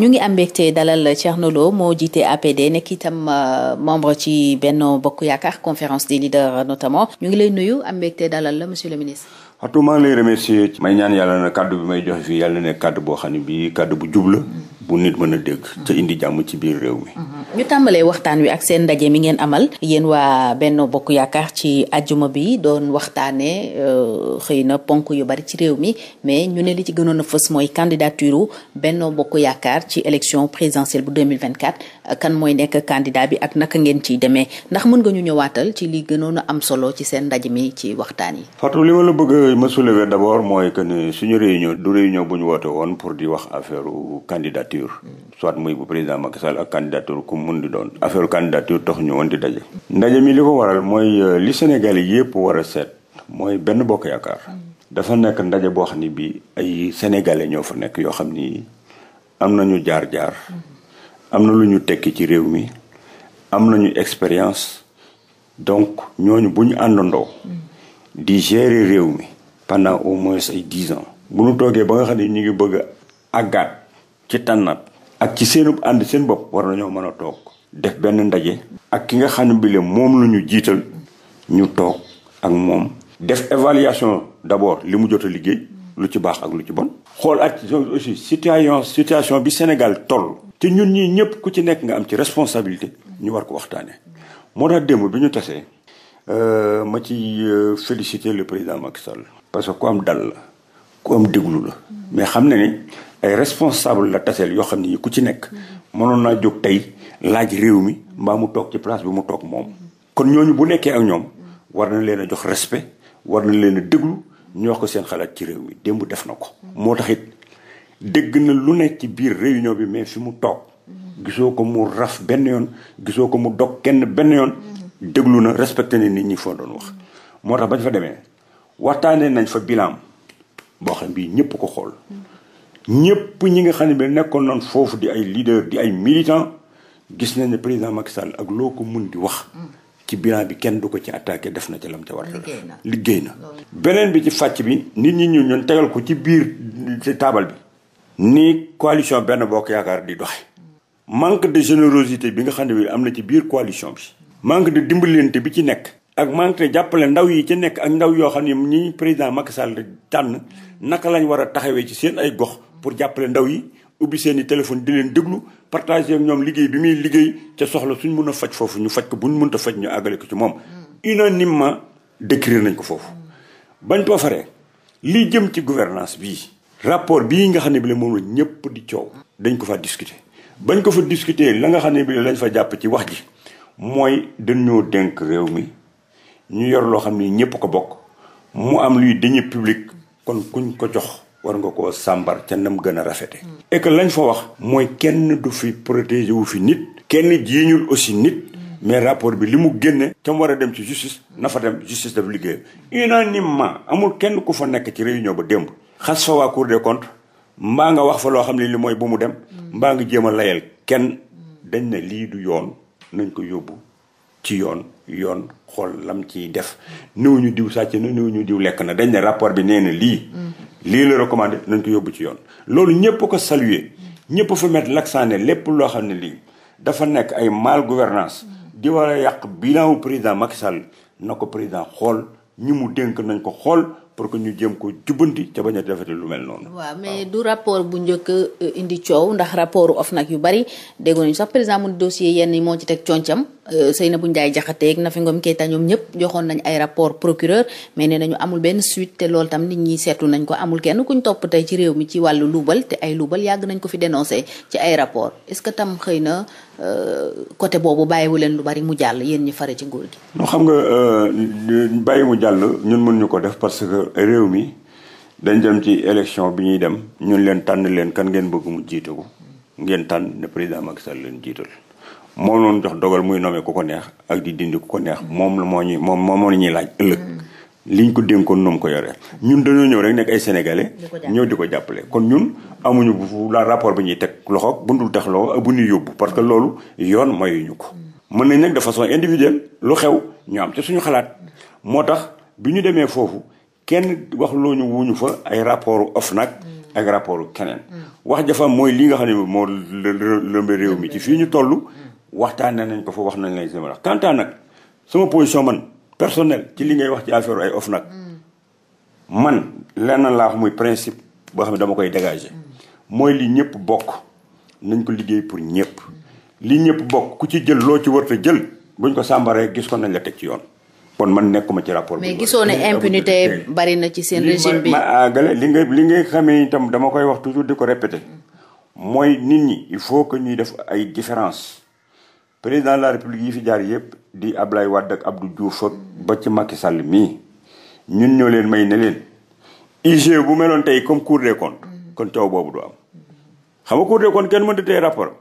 ñu ngi am mbégte dalal Thierno Lo moo jiite APD nekk itam euh, membre ci benn Bokk Yaakaar conférence des leaders notamment ñu ngi lay nuyu am mbégte dalal la monsieur le ministre atu maa ngi lay remercier may ñaan yàlla na kàddu bi may joxe fii yàlla na nekk kàddu boo xam ne bii kàddu bu jub bu nit mën a dégg. te indi jàmm ci biir réew mi. ñu tàmbalee waxtaan wi ak seen ndaje mi ngeen amal yéen waa Benno Bokk Yaakaar ci ajjuma bi doon waxtaanee euh, xëy na ponk yu bari ci réew mi mais ñu ne li ci gënoon a fës mooy candidature Benno Bokk Yaakaar ci élection présidentielle bu 2024 kan mooy nekk candidat bi ak naka ngeen ciy demee ndax mën nga ñu ñëwaatal ci li gënoon a am solo ci seen ndaje mi ci waxtaan yi. Fatou li ma la bëgg ma soulever d'abord mooy que ne suñu réunion du réunion ñu woote woon pour di wax affaire candidature. candidature soit muy bu président Macky Sall ak candidature ku mun di doon affaire candidature tax ñu woon di daje ndaje mi li ko waral mooy euh, li Sénégal yi yëpp war a seet mooy benn bokk yaakaar dafa nekk ndaje boo xam ne bii ay sénégalais ñoo fa nekk yoo xam ni am nañu jaar-jaar am na lu ñu tekki ci réew mi am nañu expérience donc ñooñu bu ñu àndandoo di gérer réew mi pendant au moins ay dix ans bu ñu toogee ba nga xam ne ñu ngi bëgg àggaat ci tànnaat ak ci seenub ànd seen bopp war nañoo mën a toog def benn ndaje ak ki nga xam ne bile moom la ñu jiital ñu toog ak moom def évaluation d'abord li mu jot a liggéey lu ci baax ak lu ci bon xool ak aussi situation situation bi Sénégal toll te ñun ñii ñëpp ku ci nekk nga am ci responsabilité ñu war ko waxtaanee moo tax démb bi ñu tasee euh, ma ci euh, féliciter le président Macky Sall parce que ku am dal la ku am déglu la mais xam na ni ay responsable la taseel yoo xam ne ku ci nekk mënoon naa jóg tey laaj réew mi mbaa mu toog ci place bi mu toog moom kon ñooñu bu nekkee ak ñoom war na leen a jox respect war na leen a déglu ñu wax ko seen xalaat ci réew mi démb def na ko moo tax it dégg na lu nekk ci biir réunion bi mais fi mu toog gisoo ko mu raf benn yoon gisoo ko mu dog kenn benn yoon déglu na respecté na nit ñi foo doon wax moo tax bañ fa demee waxtaanee nañ fa bilan boo bii ñëpp ko xool ñëpp ñi nga xam ne bi nekkoon nañ foofu di ay leader di ay militant gis nañ ne président Macky ak loo ko mun di wax mm. ci bilan bi kenn du ko ci attaqué def na ci lam ca war a liggéey na beneen bi ci fàcc bi nit ñi ñu ñun tegal ko ci biir ci taabal bi ni coalition benn bokk yaakaar di doxe mm. manque de générosité bi nga xam ne bi am na ci biir coalition bi manque de dimbalante bi ci nekk ak manque de jàppale ndaw yi ci nekk ak ndaw yoo xam ne ñi président Macky Sall tànn mm. naka lañ war a taxawee ci seen ay gox pour jàppale ndaw yi ubbi seen i téléphone di leen déglu partage ak ñoom liggéey bi muy liggéey ca soxla suñ mun a faj foofu ñu faj ko bu ñu buñ a faj ñu àggale ko ci moom. Hmm. unanimement décrire nañ ko foofu. Hmm. bañ ko faree li jëm ci gouvernance bii. rapport bii nga xam ne bi moom la ñëpp di coow. dañ ko fa discuter bañ ko fa discuter la nga xam ne bi lañ fa jàpp ci wax ji mooy dañoo dénk réew mi ñu yor loo xam ne ñëpp ko bokk mu am luy deniers publics kon kuñ ko jox. war nga koo sàmbar ca nam gën a rafete et lañ fa wax mooy kenn du fi protéger wu fi nit kenn jiñul aussi nit mais rapport bi li mu génne ca mu war a dem ci justice nafa fa dem justice daf ni unanimement amul kenn ku fa nekk ci réunion ba démb xas fa waa cour des comptes mbaa nga wax fa loo xam ne li mooy bu mu dem mbaa nga jéem a layal kenn dañ ne lii du yoon nañ ko yóbbu ci yoon yoon xool lam ciy def néew ñu diw sàcc na néew ñu diw lekk na dañ ne rapport bi nee na lii mm-hmm. lii la recommandé nañ ko yóbbu ci yoon loolu ñëpp ko saluer mm-hmm. ñëpp fa mettre l'accent ne lépp loo xam ne lii dafa nekk ay mal gouvernance mm-hmm. di war a yàq bilan wu président Macky Sall na ko président xool ñi mu dénk nañ ko xool pour que ñu jéem ko jubbanti ca bañ a defati lu mel noonu. waaw mais du rapport bu njëkk euh, indi coow ndax rapport OFNAC yu bari déggoon ñu sax par exemple dossier yenn yi moo ci teg concam euh, Seynabou Ndiaye Diakhaté ak Nafi Ngom Keïta ñoom ñëpp joxoon nañ ay rapport procureur mais nee nañu amul benn suite te loolu tam nit ñi seetlu nañ ko amul kenn kuñ topp tey ci réew mi ci wàllu luubal te ay luubal yàgg nañ ko fi dénoncé ci ay rapport est que tam xëy Euh, côté boobu bàyyiwu leen lu bari mu jàll yéen ñi fare ci nguur gi. non xam nga euh, bàyyi mu jàll ñun mënuñu ñu ko def parce que réew mi dañ dem ci élection bi ñuy dem ñun leen tànn leen kan ngeen bëgg mu jiite ko ngeen tànn ne président Macky Sall leen jiital. moom noonu jox dogal muy nommé ku ko neex ak di dindi ku ko neex moom la moo ñuy moom moo moo ñuy laaj ëllëg. liñ ko dénkoon noom ko yore ñun dañoo ñëw rek nekk ay sénégalais ñëw di ko jàppale kon ñun amuñu bu la rapport bi ñuy teg loxo bu dul tax loxo bu ñuy yóbbu parce que loolu yoon mayuñu ko mën nañ nag de façon individuelle lu xew ñu am ci suñu xalaat moo tax bi ñu demee foofu kenn wax looñu wuñu fa ay rapport nag ak mm. rapport keneen mm. wax jafa mooy li nga xam ne moo lëmbe réew mi ci fii ñu toll mm. waxtaan nañ ko fa wax nañ lañ sama wax quant à nag sama position personnel ci li ngay wax ci affaire ay OFNAC man lenn laa wax muy principe boo xam ne dama koy dégager. mooy li ñëpp bokk nañ ko liggéey pour ñëpp. li ñëpp bokk ku ci jël loo ci war a jël buñ ko sàmbaree gis ko nañ la teg ci yoon. kon man nekkuma ci rapport mais gisoo ne impunité bari na ci seen régime bi ah, li nga li ngay xamee itam dama koy wax toujours di ko répéter mooy nit ñi il faut que ñuy def ay différence président la république yi fi jaar yëpp di Ablaye Wade ak Abdou Diouf ak ba ci makki sàll mii ñun ñoo leen may ne leen IGE bu meloon tey comme Cour des comptes kon coow boobu du am xam nga de des comptes kenn mënta tey rapport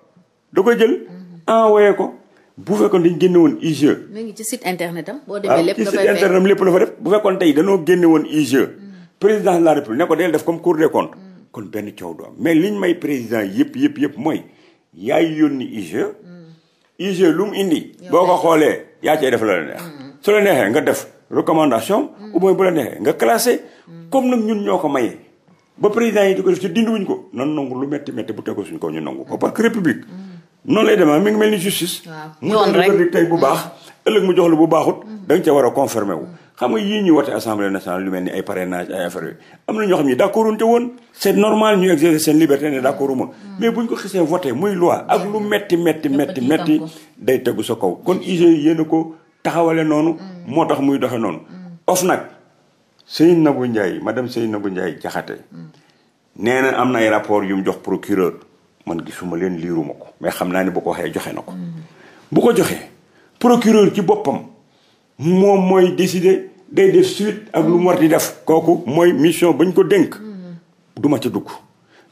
da koy jël envoyé ko bu fekkoon dañ génne woon IGE. mu ngi ci site internet am boo demee ah, lépp la fay ci tey danoo génne woon IGE. Mm. président de la république ne ko def comme Cour des comptes. Mm. kon benn coow du am mais liñ may président yëpp yëpp yëpp mooy yaay yónni IGE. Mm. UG lu mu indi. boo ko xoolee yaa cay def la la neex. su la neexee nga def recommandation. ou mm-hmm. bien bu la neexee nga classé. Mm-hmm. comme nag ñun ñoo ko mayee. ba président yi di ko def ci dindiwuñ ko nan nangu lu metti metti bu ko suñ ko ñu nangu ko parce que république. Mm-hmm. noonu lay demee mi ngi mel ni justice. waaw yoon rek mu jox la tey bu baax. ëllëg mu jox la bu baaxut da nga ca war a confirmer wu. xam nga yii ñu wote assemblée nationale lu mel ni ay parrainage ay affaire yooyu am na ñoo xam ne d'accorduñ te woon c'est normal ñu exercer seen liberté ne d'accorduma hmm. mais buñ ko xisee voté muy loi ak lu metti metti metti metti day tegu sa kaw kon IGE yéen a ko taxawale noonu hmm. moo tax muy doxe noonu hmm. of nag Seynabou Ndiaye madame Seynabou Ndiaye Diakhaté nee na am na ay rapport yu mu jox procureur man gisuma leen liiruma ko mais xam naa ne bu ko waxee joxe na ko bu ko joxee procureur ci boppam moom mooy décider day def suite ak lu mu war def. kooku mooy mission bañ ko dénk. Mm-hmm. du ma ci dugg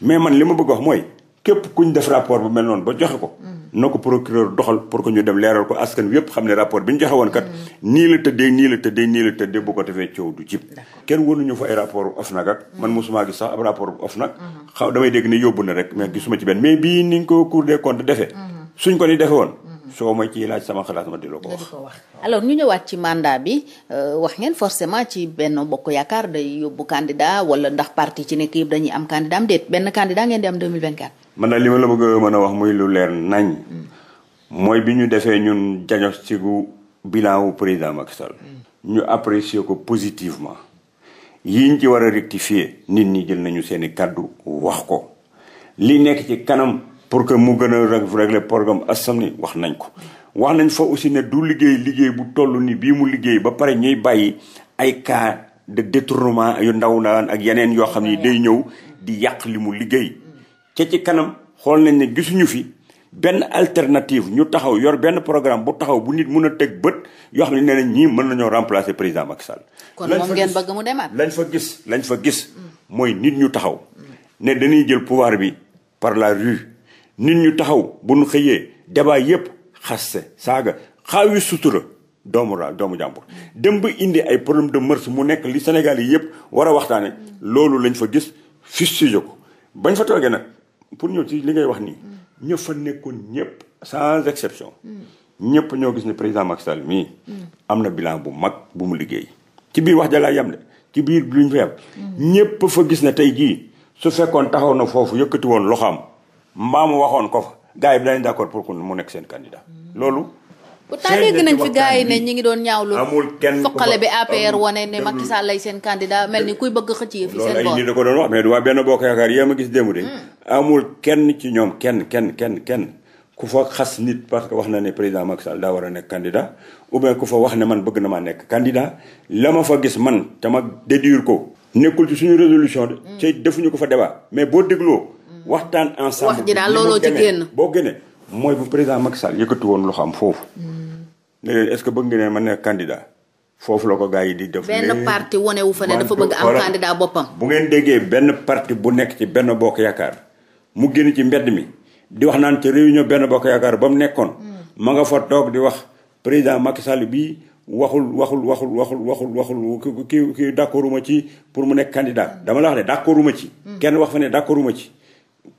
mais man li ma bëgg wax mooy képp kuñ def rapport bu mel noonu ba joxe ko. Mm-hmm. na ko procureur doxal pour que ñu dem leeral ko yëpp xam ne rapport bi ñu joxe woon kat. Mm-hmm. nii la tëddee nii la tëddee nii la tëddee bu ko defee coow du jib. kenn waruñu fa ay rapport OFNAC ak. man mosuma gis sax ab rapport OFNAC. xaw damay dégg ne yóbbu na rek mais gisuma ci benn mais bii ni nga ko Cour des comptes defee. suñ ko ni defee woon. soo ma ci laaj sama xalaat ma di la ko wax. alors ñu ñëwaat ci mandat bi euh, wax ngeen forcément ci benn bokk yaakaar day yóbbu candidat wala ndax parti ci nekk yëpp dañuy am candidat am déet benn candidat ngeen di am 2024. man daal li ma la bëgg a mën a wax muy lu leer nañ. mooy bi ñu defee ñun diagnostic gu bilan wu président Macky Sall. Mm. ñu apprécier ko positivement. yiñ ci war a rectifier nit ñi jël nañu seen i kàddu wax ko. li nekk ci kanam. pour que mu gën a régler programme assamni wax nañ ko wax nañ fa aussi ne du liggéey liggéey bu toll nii bii mu liggéey ba pare ñuy bàyyi ay cas de détournement yu ndaw naan ak yeneen yoo xam ni day ñëw di yàq li mu liggéey ca ci kanam xool nañ ne gisuñu fi benn alternative ñu taxaw yor benn programme bu taxaw bu nit mun a teg bët yoo xam ne nee nañ ñii mën nañoo remplacer président Macky Sall. kon moom ngeen bëgg mu lañ fa gis lañ fa gis. Mm. mooy nit ñu taxaw. Mm. ne dañuy jël bi par nit ñu taxaw bu nu xëyee débat yépp xaste saaga xaawi sutura doomu ra doomu jàmbur dem ba indi ay problème de mœurs mu nekk li Sénégal yi yépp war a waxtaane loolu lañ fa gis fustige ko bañ fa toogee nag pour ñëw ci li ngay wax nii ñëpp fa nekkoon ñëpp sans ñëpp ñoo gis ne président Macky Sall mii am na bilan bu mag bu mu liggéey ci biir wax jalaa yam de ci biir luñ fa yam ñëpp fa gis ne tey jii su fekkoon taxaw na foofu yëkkati woon loxo maamu waxoon ko fa gars yi dinañ d'accord pour que mu nekk seen candidat loolu. pourtant dégg nañ fi gars yi ne ñi ngi doon ñaaw amul kenn foqale bi APR wane ne Macky Sall lay seen candidat mel ni kuy bëgg xëcc yi fi seen boor loolu da ko doon wax mais du waa benn bokk gis démb hmm. amul kenn ci ñoom kenn kenn kenn kenn ku fa xas nit parce que wax na ne président Macky Sall daa war a nekk candidat ou bien ku fa wax ne man bëgg na maa nekk candidat la ma fa gis man te ma déduire ko. nekkul ci suñu résolution de. Hmm. te defuñu ko fa débat mais boo dégloo. waxtaan ensemble. wax ji daal looloo ci génn boo génnee mooy bu président Macky Sall yëkkati woon loxo am foofu. ne leen est-ce que bëgg ngeen ne ma nekk candidat foofu la ko gars yi di def. benn parti wane wu fa ne dafa bëgg am candidat boppam. bu ngeen déggee benn parti bu nekk ci benn bokk yaakaar mu génn ci mbedd mi di wax naan ci réunion benn bokk yaakaar ba mu nekkoon. ma nga fa toog di wax président Macky Sall bii waxul waxul waxul waxul waxul waxul ki ki d'accorduma ci pour mu nekk candidat dama la wax ne d'accorduma ci. Hmm. kenn wax fa ne d'accorduma ci.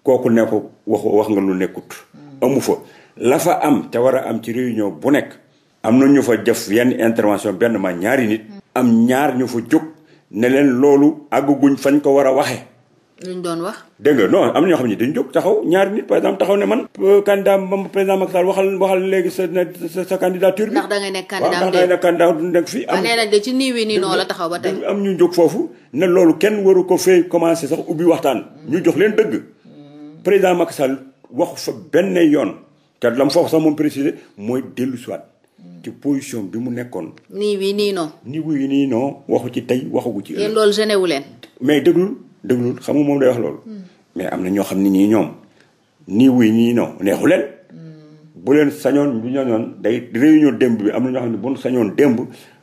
kooku ne ko wax wax nga lu nekkut hmm. amu fa la fa am te war a am ci réunion bu nekk am na ñu fa jëf yenn intervention benn ma ñaari nit hmm. am ñaar ñu fa jóg ne leen loolu àgguguñ fañ ko war a waxee luñ doon wax dégg nga non am na ñoo xam taxaw ñaari nit par exemple taxaw ne man euh, candidat ma président Macky Sall waxal léegi sa sa sa candidature bi ndax da nekk candidat ndax da ngay nekk candidat du nekk fii am ah, nee nañ de ci nii noonu am ñu jóg foofu ne loolu kenn waru ko fee commencé sax ubbi waxtaan hmm. ñu jox leen dëgg président Macky Sall waxu fa benn yoon te lam foofu sax moom précisé mooy dellu siwaat ci position bi mu nekkoon. nii wii nii non. nii wii nii non waxu ci tey waxagu ci. yéen loolu gêné wu leen. mais déglul déglul xam nga moom day wax loolu. Hmm. mais am na ñoo xam ni ñii ñoom nii wii nii non neexu leen. Hmm. bu leen sañoon bu ñooñoon day réunion demb bi am na ñoo xam ne bu ñu sañoon démb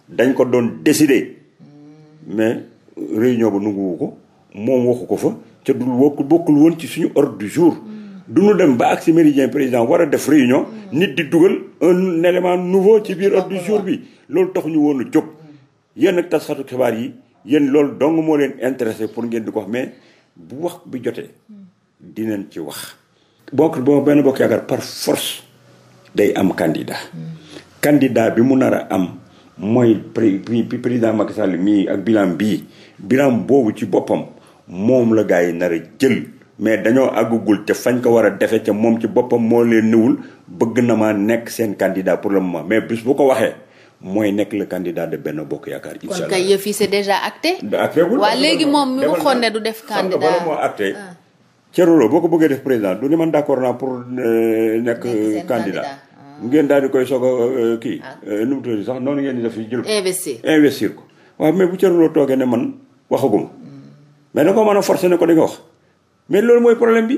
dañ ko doon décider hmm. mais réunion ba nanguwu ko moom waxu ko fa. ca dul wokk bokkul woon ci suñu ordre du jour mm. du ñu dem ba agsi méridien président war a def réunion mm. nit di dugal un élément nouveau ci biir ordre du jour bi loolu tax ñu woon a jóg mm. yéen nag taskatu xibaar yi yéen loolu dong moo leen intéressé pour ngeen di ko wax mais bu wax bi jotee dinañ ci wax bokk boo benn bokk yaakaar par force day am candidat candidat bi mu nar a am mooy président Macky Sall mii ak bilan bii bilan boobu ci boppam moom la gaa yi nar jël mais dañoo àggugul te fañ ko war a defe ca moom ci boppam moo leen niwul bëgg na maa nekk seen candidat pour le moment mais bis bu ko waxee mooy nekk le candidat de Benno Bokk Yaakaar incha allah kon kay yëf yi c'est déjà acté. acté moom mi def. candidat bala moo acté. Ah. Thierno Lo boo ko bëggee def président du ni man d'accord naa pour euh, nekk candidat ah. ngeen daal di koy soog euh, euh, kii. Ah. nu mu tudd sax noonu ngeen di def jël. investir investir ko mais bu Thierno Lo toogee ne man waxaguma mais da ko mën a forcer ne ko di nga wax mais loolu mooy problème bi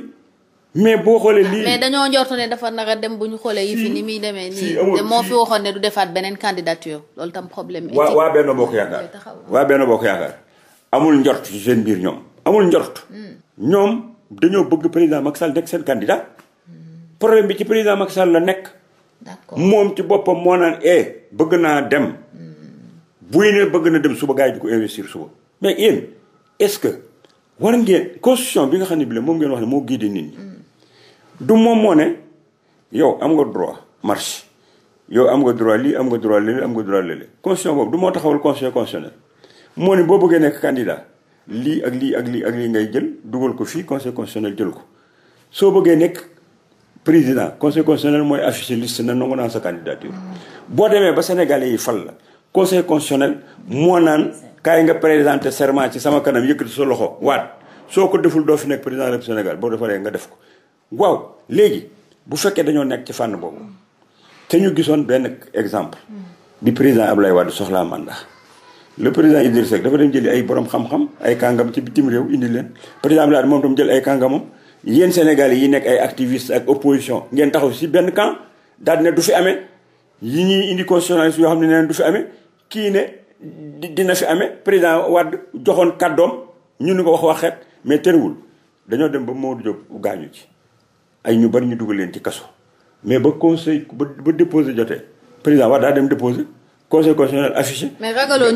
mais boo xoolee. lii mais dañoo njort ne dafa naka dem bu ñu xoolee. yi fi ni muy demee nii moo fi waxoon ne du defaat beneen candidature loolu tam problème. éthique waa waa Benno Bokk Yaakaar waa Benno Bokk Yaakaar amul njort ci seen biir ñoom amul njort. Hmm. ñoom dañoo bëgg président Macky Sall nekk seen candidat hmm. problème bi ci président Macky Sall la nekk. moom ci boppam moo naan eh bëgg naa dem. Hmm. buy ne bëgg na dem suba gars yi di ko investir su mais est-ce que war ngeen constitution bi nga xam ne bi moom ngeen wax ne moo guide nit ñi du moom moo ne yow am nga droit marche yow am nga droit lii am nga droit lële am nga droit lële constitution boobu du moo taxawal conseil constitutionnel moo ne boo bëggee nekk candidat lii ak lii ak lii ak lii ngay jël dugal ko fii conseil constitutionnel jël ko soo bëggee nekk président conseil constitutionnel mooy afficher liste na nangu naa sa candidature boo demee ba sénégalais yi fal la conseil constitutionnel moo naan kaay nga présenté serment ci sama kanam yëkkati sa loxo waat soo ko deful doo fi nekk président du Sénégal boo defaree nga def ko waaw léegi bu fekkee dañoo nekk ci fànn boobu te ñu gisoon benn exemple bi président ab Ablaye Wade soxlaa mandat le président Idrissa Seck dafa dem jëli ay borom xam-xam ay kàngam ci bitim réew indi leen président Ablaye moom tam jël ay kàngamam yéen Sénégalais yi nekk ay activistes ak opposition ngeen taxaw si benn camp daal ne du fi amee yi ñuy indi constitutionnaliste yoo xam ne neen du fi amee kii ne dina fi amee président Wade joxoon kàddoom ñu ni ko wax waxeet mais tërwul dañoo dem ba Maodo Diop gaañu ci ay ñu bari ñu dugg leen ci kaso mais ba conseil ba ba déposé jotee président Wade daa dem déposé conseil constitutionnel affiché. mais ragaloo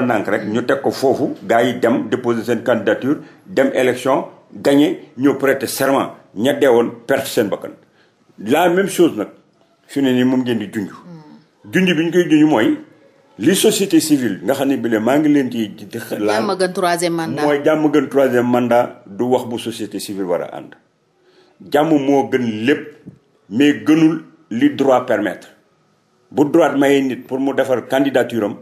nànk rek ñu teg ko foofu gars yi dem déposé seen candidature dem élection gagné ñoo prêter serment ña woon perte seen bakkan la même chose nag fi ne nii moom ngeen di junj. Hmm. junj bi ñu koy junj mooy li société civile nga xam ne bi maa ngi leen di. di xalaat jàmm gën troisième mandat mooy jàmm gën troisième mandat du wax bu société civile war a ànd. jàmm moo gën lépp mais gënul li droit permettre bu droit mayee nit pour mu defar candidature am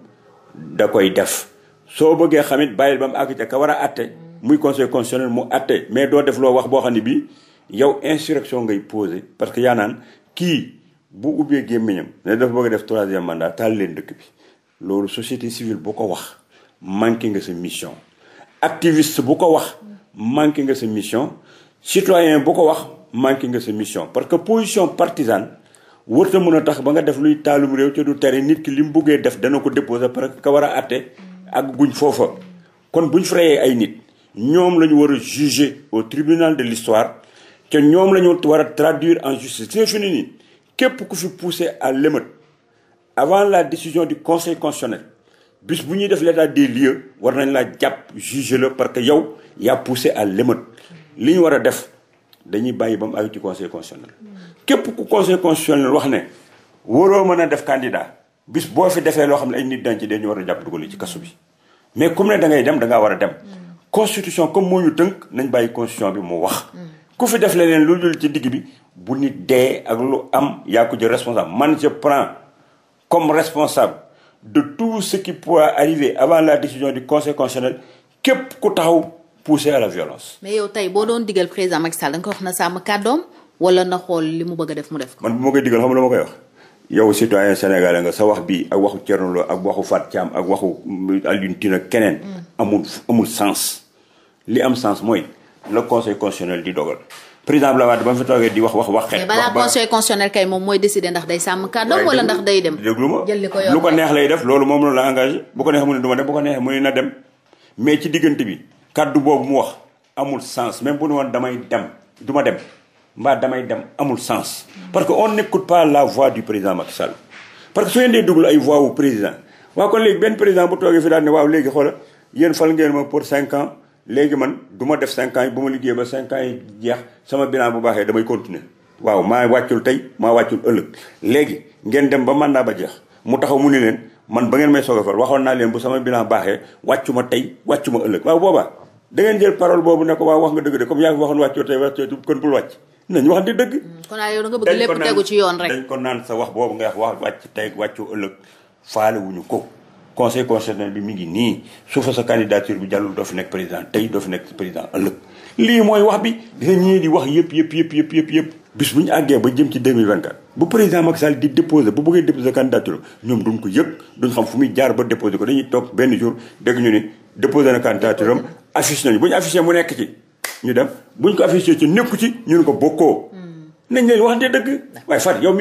da koy def soo bëggee xamit bàyyil ba mu àgg ca ka war a àtte muy conseil constitutionnel mu àtte mais doo def loo wax boo xam ne bi yow insurrection ngay posé parce que yaa naan kii. bu ubbee gémmiñam ne dafa bëgg def troisième mandat taal leen dëkk bi loolu société civile bu ko wax manqué nga sa mission activiste bu ko wax manqué nga sa mission citoyen bu ko wax manqué nga sa mission parce que position partisane wërta mën a tax ba nga def luy taalum réew te du tere nit ki li mu buggee def dana ko déposer parce que ka war a atte ak guñ foofa kon buñ frayee ay nit ñoom la ñu war a juger au tribunal de l'histoire te ñoom la ñu war a traduire en justice c'est fini nii képp ku fi poussé à l'émeute avant la décision du conseil constitutionnel bis bu ñuy def l'état des lieux war nañ laa jàpp juger la parce que yow yaa poussé à l'émeute li ñu war a def dañuy bàyyi ba mu àgg ci conseil constitutionnel. képp ku conseil constitutionnel wax ne waroo mën a def candidat bis boo fi defee loo xam ne ay nit dañ ci dee ñu war a jàpp dugal ci kasu bi mais comme ne da dem da ngaa war a dem. constitution comme moo ñu tënk nañ bàyyi constitution bi mu wax. ku fi def leneen lu bi. bu nit dee ak lu am yaa ko jël responsable man je prends comme responsable de tout ce qui pourra arriver avant la décision du conseil constitutionnel képp ku taxaw pousser à la violence. mais yow tey boo doon digal président Macky Sall da wax na sàmm kàddoom wala na xool li mu bëgg a def mu def ko. man bu ma koy digal xam nga la ma koy wax. yow citoyen sénégalais nga sa wax bi ak waxu Thierno Lo ak waxu Fatou Thiam ak waxu Alioune keneen. Mm. amul amul sens. li am sens mooy le conseil di dogal. président Abdoulaye Wade ba mu fi toogee di wax wax wax. xeet balaa conseil constitutionnel kay moom mooy décider ndax day sàmm kàddoom wala ndax day dem. lu ko neex lay def loolu moom la engagé bu ko neexee mu ne du dem bu mu ne na mais ci diggante bi kàddu boobu mu wax amul sens même damay dem du ma dem mbaa damay dem amul sens. parce que on n'écoute pas la voix du président Macky Sall parce que su ngeen dee déglu ay voix wu président waaw kon léegi benn président bu toogee fi daal ne waaw léegi xoola yéen fal ngeen pour cinq ans. léegi man du ma def cinq ans yi bu ma liggéey ba cinq ans yi jeex sama bilan bu baaxee damay continuer waaw maa wàccul tey maa wàccul ëllëg léegi ngeen dem ba mandat ba jeex mu taxaw mu ni leen man ba ngeen may soog a waxoon naa leen bu sama bilan baaxee wàccu ma tey wàccu ma ëllëg waaw boobaa da ngeen jël parole boobu ne ko waaw wax nga dëgg de comme yaa ngi waxoon wàccoo tey wàccoo kon bul wàcc nañu wax di dëgg mm, kon yow da nga bëgg lépp tegu ci yoon rek dañ ko naan sa wax boobu nga wax wàcc tey wàccu ëllëg faale wuñu conseil constitutionnel bi mi ngi nii su fa sa candidature bi jàllul doo fi nekk président tey doo fi nekk président ëllëg lii mooy wax bi dina di wax yëpp yëpp yëpp bis bu ñu àggee ba jëm ci 2024 bu bëggee déposé candidature ñoom duñ ko yëg duñ xam fu muy jaar ba déposé ko dañuy toog benn jour dégg ñu ne déposé na candidature am nañu bu ñu affiché mu nekk ci ñu dem buñ ko affiché ci nekku ci ñu ne ko bokkoo hmm. nañ leen wax dëgg waaye Fat yow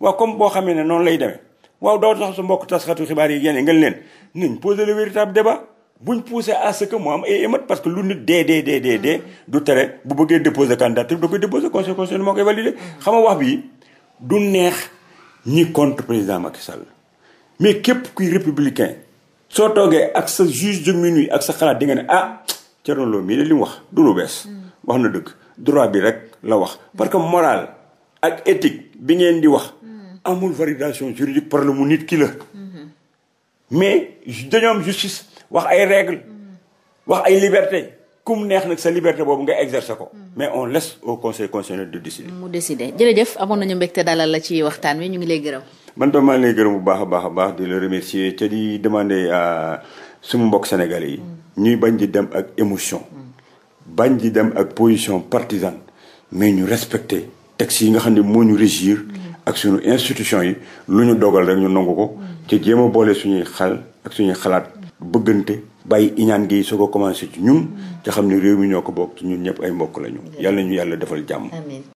waaw comme boo xamee ne noonu lay demee waaw doo tax su mbokk taskatu xibaar yi génne ngeen leen nañ poser le véritable débat buñ poussé à ce que mu am ay émeute parce que lu nit dee dee dee dee dee du tere bu bëggee déposer candidature da koy déposer conseil constitutionnel moo koy validé xam nga wax bi du neex ñi contre président Macky Sall mais képp kuy républicain soo toogee ak sa juge de minuit ak sa xalaat di nga ne ah Thierno Lo mii de li wax du lu hmm. wax na dëgg droit bi rek la wax parce que morale ak éthique bi ngeen di wax amul validation juridique par le mu nit ki la. mais dañoo am justice wax ay règles. wax ay liberté kum neex nag sa liberté boobu nga exercer ko. mais on les au conseil constitutionnel de décider. mu décider jërëjëf amoon nañu mbégte dalal la ci waxtaan wi ñu ngi lay gërëm. man tam maa ngi lay bu baax baax baax di la remercier te di demander suma mbokk sénégal yi. ñuy bañ di dem ak émotion. bañ di dem ak position partisane mais ñu respecter texte yi nga xam ne moo ñu régir. ak suñu institution yi lu ñu dogal rek ñu nangu ko ci jéem a boole suñuy xal ak suñuy xalaat bëggante bàyyi iñaan gi soo ko commencé ci ñun te xam ni réew mi ñoo ko bokk ci ñun ñëpp ay mbokk lañu yàlla ñu yàlla defal jàmm